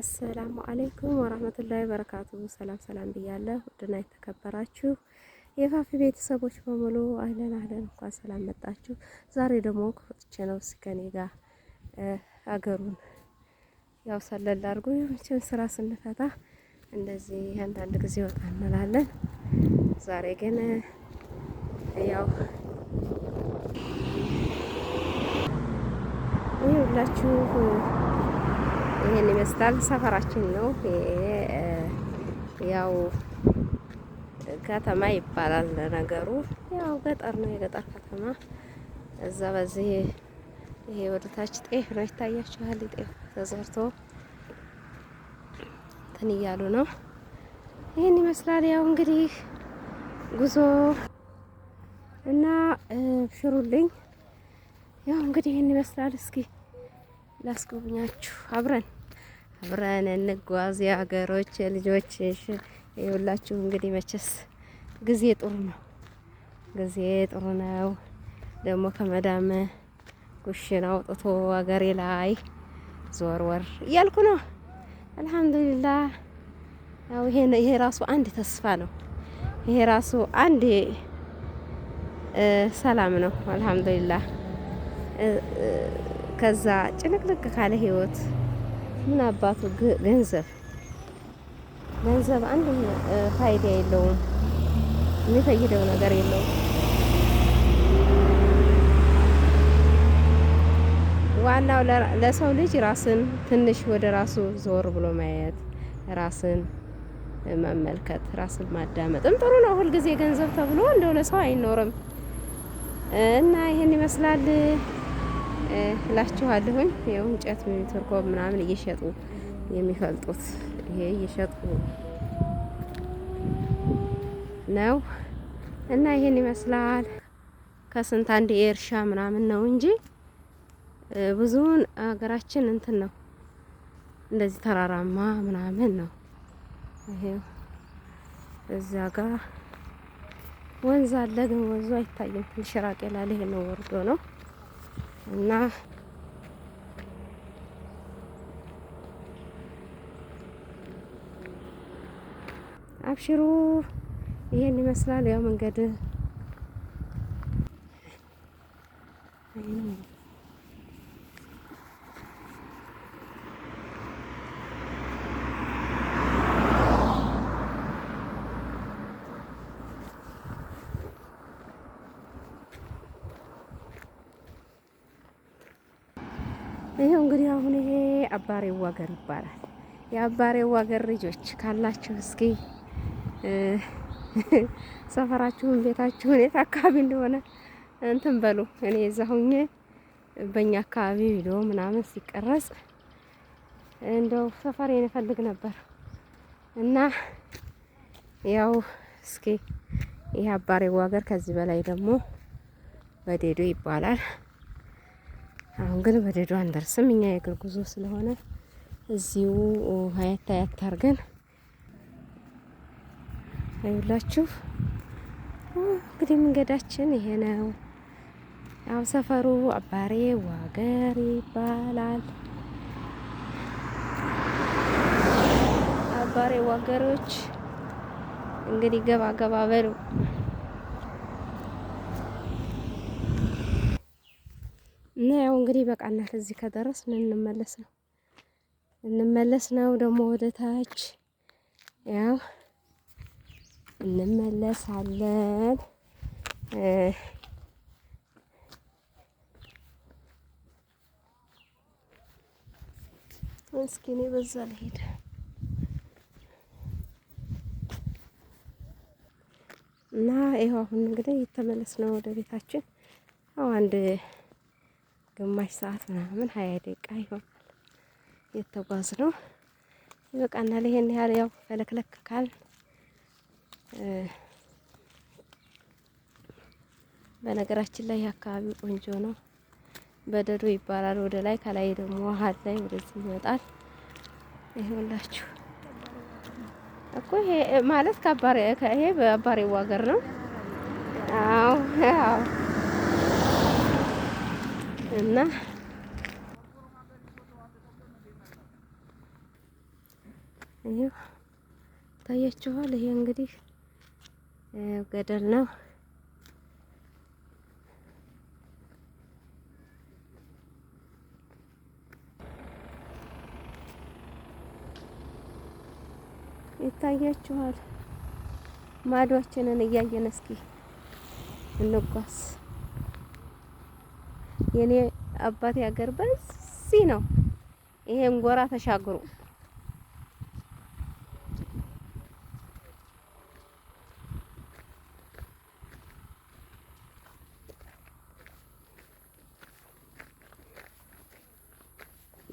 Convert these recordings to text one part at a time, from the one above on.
አሰላሙ አለይኩም ወራህመቱላሂ በረካቱ። ሰላም ሰላም ብያለሁ። ውድና የተከበራችሁ የፋፊ ቤተሰቦች በሙሉ አህለን አህለን፣ እንኳን ሰላም መጣችሁ። ዛሬ ደግሞ ከፍቼ ነው እስከኔ ጋር አገሩን ያው ሰለል አድርጎ የመቼም ስራ ስንፈታ እንደዚህ አንዳንድ ጊዜ ወጣ እንላለን። ዛሬ ግን ያው ይኸውላችሁ ይሄን ይመስላል ሰፈራችን ነው። ያው ከተማ ይባላል ለነገሩ ያው ገጠር ነው የገጠር ከተማ። እዛ በዚህ ይሄ ወደ ታች ጤፍ ነው ይታያችኋል። ጤፍ ተዘርቶ እንትን እያሉ ነው። ይህን ይመስላል ያው እንግዲህ ጉዞ እና ሽሩልኝ ያው እንግዲህ ይህን ይመስላል። እስኪ ላስጎብኛችሁ አብረን አብረን እንጓዝ የሀገሮች ልጆች። ይኸውላችሁ እንግዲህ መቼስ ጊዜ ጥሩ ነው፣ ጊዜ ጥሩ ነው። ደግሞ ከመዳም ጉሽን አውጥቶ አገሬ ላይ ዞር ወር እያልኩ ነው። አልহামዱሊላ ያው ይሄ ራሱ አንድ ተስፋ ነው። ይሄ ራሱ አንድ ሰላም ነው። አልহামዱሊላ ከዛ ጭንቅልቅ ካለ ህይወት ምን አባቱ ገንዘብ ገንዘብ አንድ ፋይዳ የለውም፣ የሚፈይደው ነገር የለውም። ዋናው ለሰው ልጅ ራስን ትንሽ ወደ ራሱ ዞር ብሎ ማየት፣ ራስን መመልከት፣ ራስን ማዳመጥም ጥሩ ነው። ሁልጊዜ ገንዘብ ተብሎ እንደው ለሰው አይኖርም እና ይህን ይመስላል። እላችኋለሁኝ። ይኸው እንጨት ቶርኮብ ምናምን እየሸጡ የሚፈልጡት ይሄ እየሸጡ ነው እና ይሄን ይመስላል። ከስንት አንድ የእርሻ ምናምን ነው እንጂ ብዙውን ሀገራችን እንትን ነው እንደዚህ ተራራማ ምናምን ነው። ይሄው እዛ ጋር ወንዝ አለ፣ ግን ወንዙ አይታይም። ትንሽ ራቅ ይላል። ይሄ ነው ወርዶ ነው እና አብሽሩ ይሄን ይመስላል ያው መንገድ የአባሬው አገር ይባላል። የአባሬው አገር ልጆች ካላችሁ እስኪ ሰፈራችሁን፣ ቤታችሁን የት አካባቢ እንደሆነ እንትን በሉ። እኔ እዛ ሁኜ በእኛ አካባቢ ቪዲዮ ምናምን ሲቀረጽ እንደው ሰፈሬን እፈልግ ነበር እና ያው እስኪ ይህ አባሬው አገር ከዚህ በላይ ደግሞ በዴዶ ይባላል። አሁን ግን በደዶ አንደርስም። እኛ የእግር ጉዞ ስለሆነ እዚሁ ሀያት ሀያት አድርገን አይላችሁ። እንግዲህ መንገዳችን ይሄ ነው። ያው ሰፈሩ አባሬ ዋገር ይባላል። አባሬ ዋገሮች እንግዲህ ገባ ገባ በሉ። ያው እንግዲህ በቃናል። እዚህ ምን እንመለስ ነው እንመለስ ነው ደግሞ ወደ ታች ያው እንመለሳለን። እስኪ እኔ በዛ ልሄድ። እና ይኸው አሁን እንግዲህ እየተመለስን ነው ወደ ቤታችን። አዎ አንድ ግማሽ ሰዓት ምናምን ሀያ ደቂቃ ይሆናል የተጓዝ ነው። ይበቃናል። ይሄን ያህል ያው ፈለክለክ ካል በነገራችን ላይ አካባቢው ቆንጆ ነው። በደዶ ይባላል ወደ ላይ ከላይ ደግሞ ውሀል ላይ ወደዚህ ይመጣል። ይኸውላችሁ እኮ ይሄ ማለት ከአባሬ ይሄ በአባሬው ሀገር ነው። አዎ አዎ እና ይኸው ታያችኋል። ይሄ እንግዲህ ገደል ነው። ይታያችኋል። ማዷችንን እያየን እስኪ እንጓዝ። የኔ አባቴ ሀገር በዚህ ነው። ይሄን ጎራ ተሻግሩ።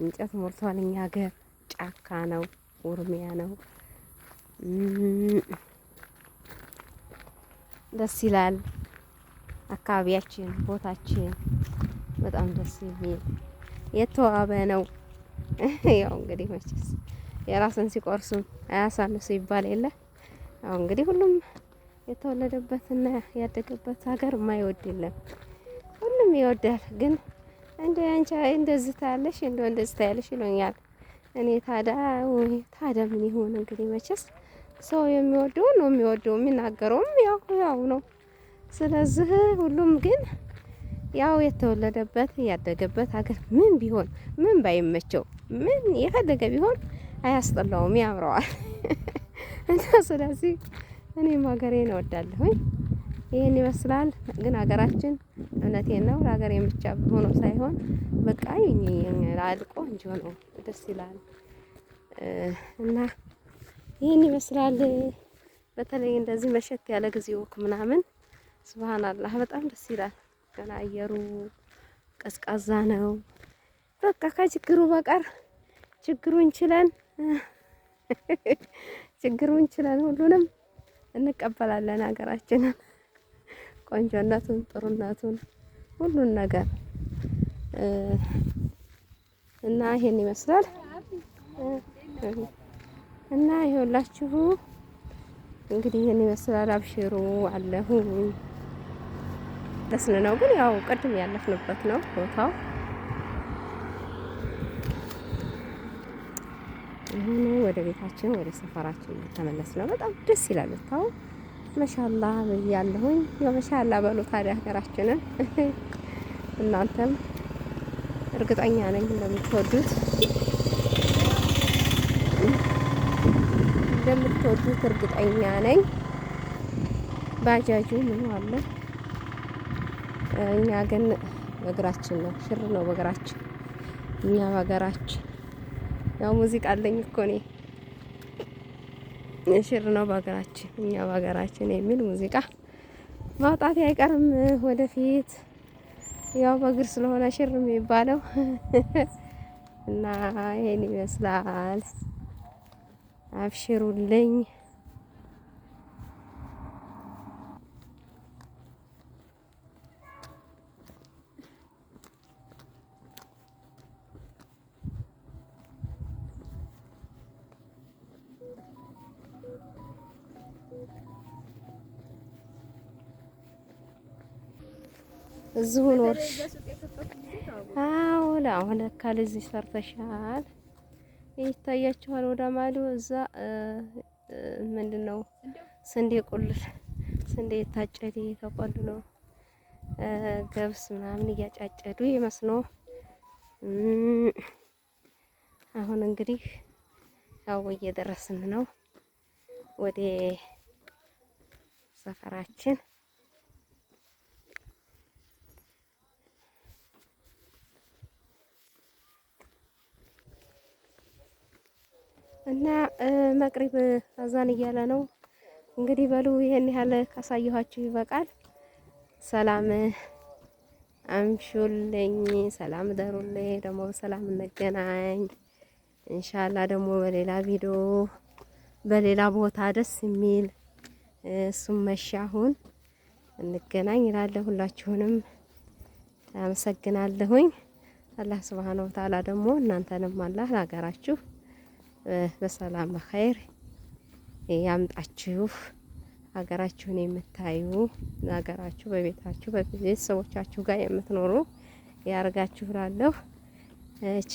እንጨት ሞልቷል። እኛ ሀገር ጫካ ነው፣ ውርሚያ ነው። ደስ ይላል አካባቢያችን ቦታችን በጣም ደስ የሚል የተዋበ ነው። ያው እንግዲህ መቼስ የራስን ሲቆርሱም አያሳንሱ ይባል የለ። ያው እንግዲህ ሁሉም የተወለደበትና ያደገበት ሀገር የማይወድ የለም። ሁሉም ይወዳል። ግን እንደ አንቺ እንደዚህ ታያለሽ፣ እንደ እንደዚህ ታያለሽ ይሎኛል። እኔ ታዳ ታዳ ምን ይሆን እንግዲህ መቼስ ሰው የሚወደው ነው የሚወደው፣ የሚናገረውም ያው ያው ነው። ስለዚህ ሁሉም ግን ያው የተወለደበት ያደገበት ሀገር ምን ቢሆን ምን ባይመቸው ምን የፈለገ ቢሆን አያስጠላውም፣ ያምረዋል እና ስለዚህ እኔም ሀገሬን እወዳለሁኝ። ይህን ይመስላል። ግን ሀገራችን እውነቴን ነው ለሀገሬን ብቻ ሆኖ ሳይሆን በቃ አልቆ እንጂ ሆኖ ደስ ይላል እና ይህን ይመስላል። በተለይ እንደዚህ መሸት ያለ ጊዜ ወክ ምናምን ስብሀን አላህ በጣም ደስ ይላል። ገና አየሩ ቀዝቃዛ ነው። በቃ ከችግሩ በቀር ችግሩን ችለን ችግሩን ችለን ሁሉንም እንቀበላለን። ሀገራችንን ቆንጆነቱን፣ ጥሩነቱን ሁሉን ነገር እና ይሄን ይመስላል እና ይኸውላችሁ እንግዲህ ይሄን ይመስላል። አብሽሩ አለሁ እየቀደስን ነው። ግን ያው ቅድም ያለፍንበት ነው ቦታው። አሁን ወደ ቤታችን ወደ ሰፈራችን ተመለስ ነው። በጣም ደስ ይላል። ታው መሻላ ብያለሁኝ። መሻላ በሉ ታዲያ ሀገራችንን እናንተም እርግጠኛ ነኝ እንደምትወዱት እንደምትወዱት እርግጠኛ ነኝ። ባጃጁ ምን አለ እኛ ግን በእግራችን ነው፣ ሽር ነው በእግራችን። እኛ በሀገራችን ያው ሙዚቃ አለኝ እኮ እኔ ሽር ነው በሀገራችን፣ እኛ በሀገራችን የሚል ሙዚቃ ማውጣት አይቀርም ወደፊት። ያው በእግር ስለሆነ ሽር የሚባለው እና ይሄን ይመስላል። አብሽሩልኝ። እዚሁ ኖርሽ። አዎ አሁን ለካ እዚህ ሰርተሻል፣ ይታያችኋል። ወደ ማዶ እዛ ምንድን ነው ስንዴ ቁልል ስንዴ የታጨደ ተቆልሎ ገብስ ምናምን እያጫጨዱ የመስኖ አሁን እንግዲህ ያው እየደረስን ነው ወደ ሰፈራችን። እና መቅሪብ አዛን እያለ ነው እንግዲህ። በሉ ይሄን ያህል ካሳየኋችሁ ይበቃል። ሰላም አምሹልኝ፣ ሰላም ደሩልኝ። ደግሞ በሰላም እንገናኝ እንሻላ ደግሞ በሌላ ቪዲዮ በሌላ ቦታ ደስ የሚል እሱም መሻሁን እንገናኝ ይላለ። ሁላችሁንም አመሰግናለሁኝ። አላህ ስብሃነ ወተዓላ ደግሞ እናንተንም አላህ ለሀገራችሁ በሰላም በኸይር ያምጣችሁ። ሀገራችሁን የምታዩ ሀገራችሁ በቤታችሁ በቤተሰቦቻችሁ ጋር የምትኖሩ ያርጋችሁ እላለሁ።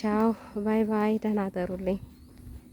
ቻው ባይ ባይ። ደህና አደሩልኝ።